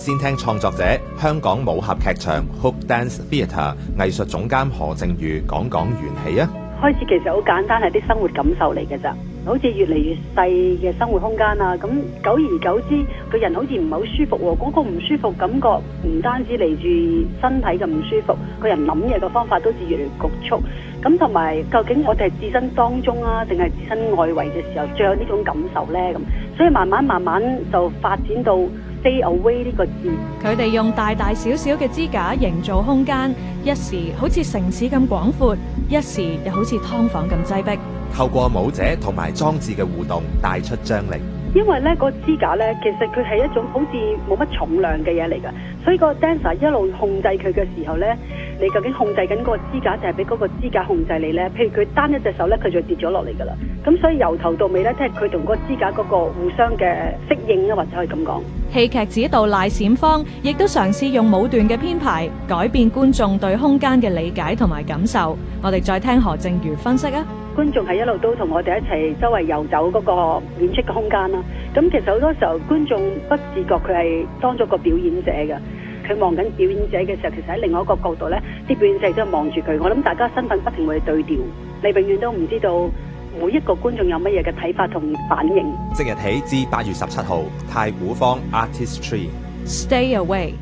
先聽創作者香港舞合劇場 Hook Dance Theatre 藝術總監何靖如講講緣起啊！說說開始其實好簡單，係啲生活感受嚟嘅咋，好似越嚟越細嘅生活空間啦。咁久而久之，個人好似唔係好舒服喎。嗰、那個唔舒服感覺，唔單止嚟住身體嘅唔舒服，個人諗嘢嘅方法都係越嚟越局促。咁同埋，究竟我哋係置身當中啊，定係置身外圍嘅時候，最有呢種感受咧？咁所以慢慢慢慢就發展到。Stay away 呢個字，佢哋用大大小小嘅支架營造空間，一時好似城市咁廣闊，一時又好似劏房咁擠迫。透過舞者同埋裝置嘅互動，帶出張力。因為呢個支架呢，其實佢係一種好似冇乜重量嘅嘢嚟噶，所以個 dancer 一路控制佢嘅時候呢。你究竟控制緊個支架，就係俾嗰個支架控制你咧？譬如佢單一隻手咧，佢就跌咗落嚟噶啦。咁所以由頭到尾咧，都係佢同嗰個支架嗰個互相嘅適應啦，或者可以咁講。戲劇指導賴閃芳亦都嘗試用舞段嘅編排改變觀眾對空間嘅理解同埋感受。我哋再聽何靜如分析啊。觀眾係一路都同我哋一齊周圍遊走嗰個演出嘅空間啦。咁其實好多時候，觀眾不自覺佢係當咗個表演者嘅。佢望緊表演者嘅時候，其實喺另外一個角度咧，啲表演者都係望住佢。我諗大家身份不停會對調，你永遠都唔知道每一個觀眾有乜嘢嘅睇法同反應。即日起至八月十七號，太古坊 ArtisTree Stay Away。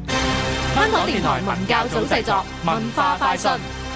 香港電台文教組製作文化快訊。